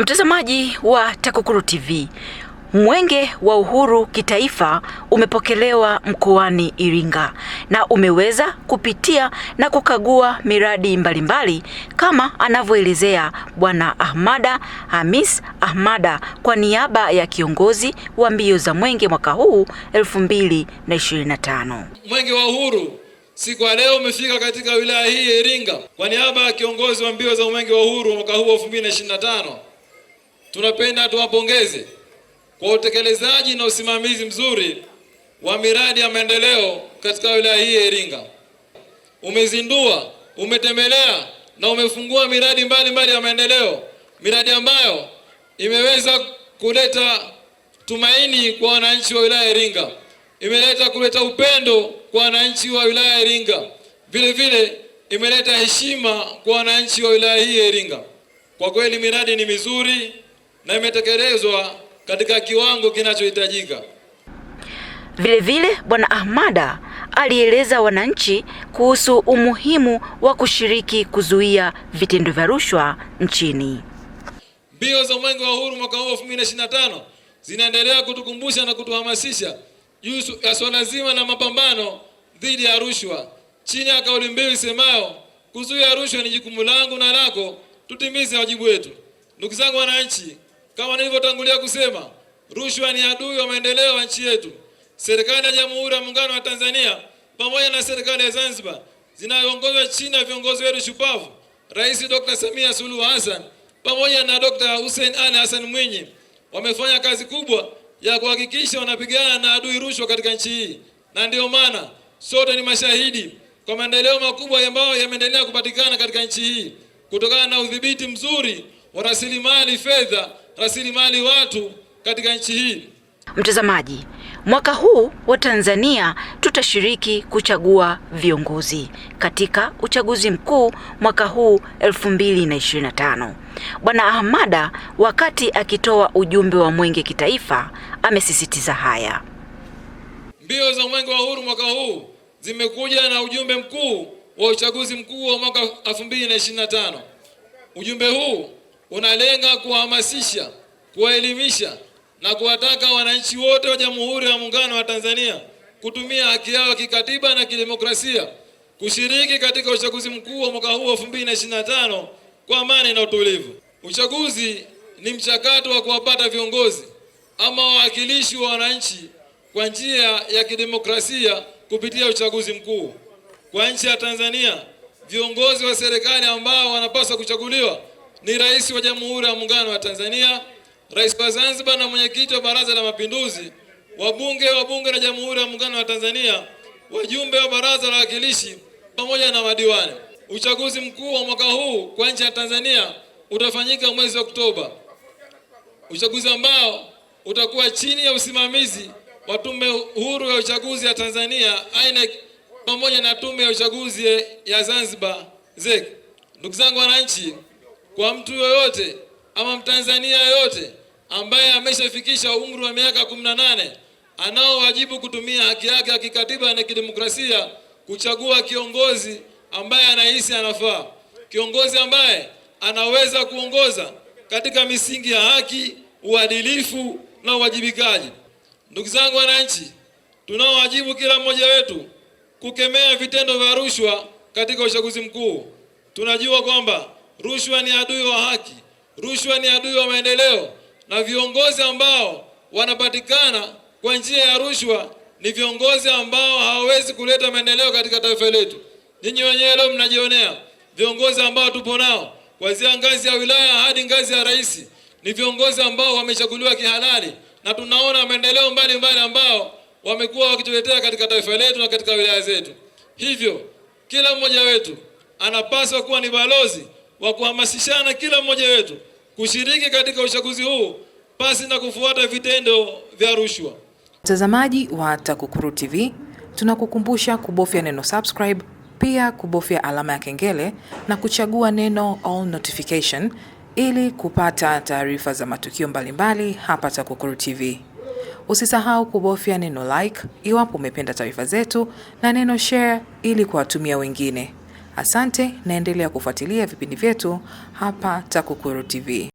Mtazamaji wa TAKUKURU TV, Mwenge wa Uhuru kitaifa umepokelewa mkoani Iringa na umeweza kupitia na kukagua miradi mbalimbali mbali, kama anavyoelezea Bwana Ahmada Hamis Ahmada kwa niaba ya kiongozi wa mbio za Mwenge mwaka huu 2025. Mwenge wa Uhuru siku ya leo umefika katika wilaya hii ya Iringa. Kwa niaba ya kiongozi wa mbio za Mwenge wa Uhuru mwaka huu 2025 tunapenda tuwapongeze kwa utekelezaji na usimamizi mzuri wa miradi ya maendeleo katika wilaya hii ya Iringa. Umezindua, umetembelea na umefungua miradi mbalimbali mbali ya maendeleo, miradi ambayo imeweza kuleta tumaini kwa wananchi wa wilaya ya Iringa, imeleta kuleta upendo kwa wananchi wa wilaya ya Iringa, vile vile imeleta heshima kwa wananchi wa wilaya hii ya Iringa. Kwa kweli miradi ni mizuri na imetekelezwa katika kiwango kinachohitajika. Vilevile, Bwana Ahmada alieleza wananchi kuhusu umuhimu wa kushiriki kuzuia vitendo vya rushwa nchini. Mbio za Mwenge wa Uhuru mwaka huu 2025 zinaendelea kutukumbusha na kutuhamasisha juu ya swala zima na mapambano dhidi ya rushwa chini ya kauli mbiu isemayo kuzuia rushwa ni jukumu langu na lako, tutimize wajibu wetu. Ndugu zangu wananchi, kama nilivyotangulia kusema, rushwa ni adui wa maendeleo ya nchi yetu. Serikali ya Jamhuri ya Muungano wa Tanzania pamoja na serikali ya Zanzibar zinayoongozwa chini ya viongozi wetu shupavu, Rais Dr. Samia Suluhu Hassan pamoja na Dr. Hussein Ali Hassan Mwinyi wamefanya kazi kubwa ya kuhakikisha wanapigana na adui rushwa katika nchi hii, na ndio maana sote ni mashahidi kwa maendeleo makubwa ambayo yameendelea kupatikana katika nchi hii kutokana na udhibiti mzuri wa rasilimali fedha rasilimali watu katika nchi hii. Mtazamaji, mwaka huu wa Tanzania tutashiriki kuchagua viongozi katika uchaguzi mkuu mwaka huu 2025. Bwana Ahmada wakati akitoa ujumbe wa Mwenge kitaifa amesisitiza haya. Mbio za Mwenge wa Uhuru mwaka huu zimekuja na ujumbe mkuu wa uchaguzi mkuu wa mwaka 2025. Ujumbe huu unalenga kuhamasisha, kuwaelimisha na kuwataka wananchi wote wa Jamhuri ya Muungano wa Tanzania kutumia haki yao kikatiba na kidemokrasia kushiriki katika uchaguzi mkuu wa mwaka huu 2025 kwa amani na utulivu. Uchaguzi ni mchakato wa kuwapata viongozi ama wawakilishi wa wananchi kwa njia ya kidemokrasia kupitia uchaguzi mkuu. Kwa nchi ya Tanzania, viongozi wa serikali ambao wanapaswa kuchaguliwa ni Rais wa Jamhuri ya Muungano wa Tanzania, Rais wa Zanzibar na mwenyekiti wa Baraza la Mapinduzi, wabunge wa Bunge la Jamhuri ya Muungano wa Tanzania, wajumbe wa Baraza la Wawakilishi pamoja na madiwani. Uchaguzi mkuu wa mwaka huu kwa nchi ya Tanzania utafanyika mwezi wa Oktoba, uchaguzi ambao utakuwa chini ya usimamizi wa Tume Huru ya Uchaguzi ya Tanzania INEC pamoja na Tume ya Uchaguzi ya Zanzibar ZEC. Ndugu zangu wananchi kwa mtu yoyote ama Mtanzania yoyote ambaye ameshafikisha umri wa miaka 18 anao wajibu kutumia haki yake ya kikatiba na kidemokrasia kuchagua kiongozi ambaye anahisi anafaa, kiongozi ambaye anaweza kuongoza katika misingi ya haki, uadilifu na uwajibikaji. Ndugu zangu wananchi, tunao wajibu kila mmoja wetu kukemea vitendo vya rushwa katika uchaguzi mkuu. Tunajua kwamba Rushwa ni adui wa haki, rushwa ni adui wa maendeleo, na viongozi ambao wanapatikana kwa njia ya rushwa ni viongozi ambao hawawezi kuleta maendeleo katika taifa letu. Nyinyi wenyewe leo mnajionea viongozi ambao tupo nao kuanzia ngazi ya wilaya hadi ngazi ya rais, ni viongozi ambao wamechaguliwa kihalali, na tunaona maendeleo mbalimbali ambao wamekuwa wakituletea katika taifa letu na katika wilaya zetu. Hivyo kila mmoja wetu anapaswa kuwa ni balozi wa kuhamasishana kila mmoja wetu kushiriki katika uchaguzi huu pasi na kufuata vitendo vya rushwa. Mtazamaji wa TAKUKURU TV, tunakukumbusha kubofya neno subscribe, pia kubofya alama ya kengele na kuchagua neno all notification ili kupata taarifa za matukio mbalimbali mbali hapa TAKUKURU TV. Usisahau kubofya neno like iwapo umependa taarifa zetu na neno share ili kuwatumia wengine. Asante naendelea kufuatilia vipindi vyetu hapa TAKUKURU TV.